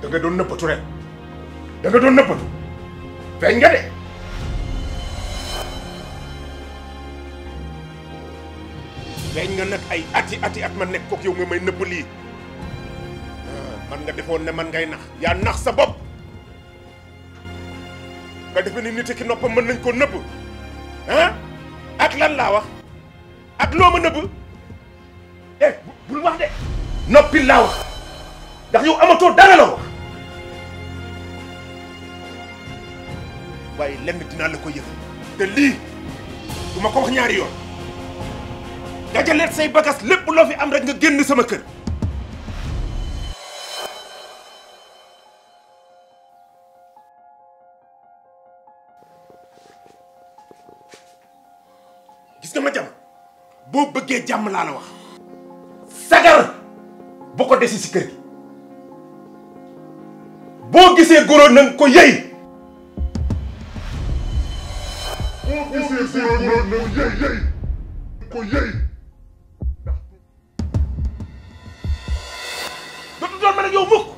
da nga doon nëppatu rek da nga doon nëppatu feeñ nga de. feeñ nga nag ay ati ati at ma nekk kook yow nga may nëbb lii ah, man nga defoon ne man ngay nax yaa nax sa bopp nga defe ni nit ki noppam mën nañ koo nëbb ah? ak lan laa wax ak loo ma nëbb eh bul wax de noppi laa wax ndax yow amatoo dara la wax waaye lenn dinaa la ko yëg te lii du ma ko wax ñaari yoon dajaleet say bagas lépp loo fi am rek nga génn sama kër gis nga ma jam boo bëggee jàmm laa la wax sagar boo ko desi si kër gi boo gisee góoróo na ko yey loolu noonu yëy yëy ko yëy dootu doon mën ak yow mukk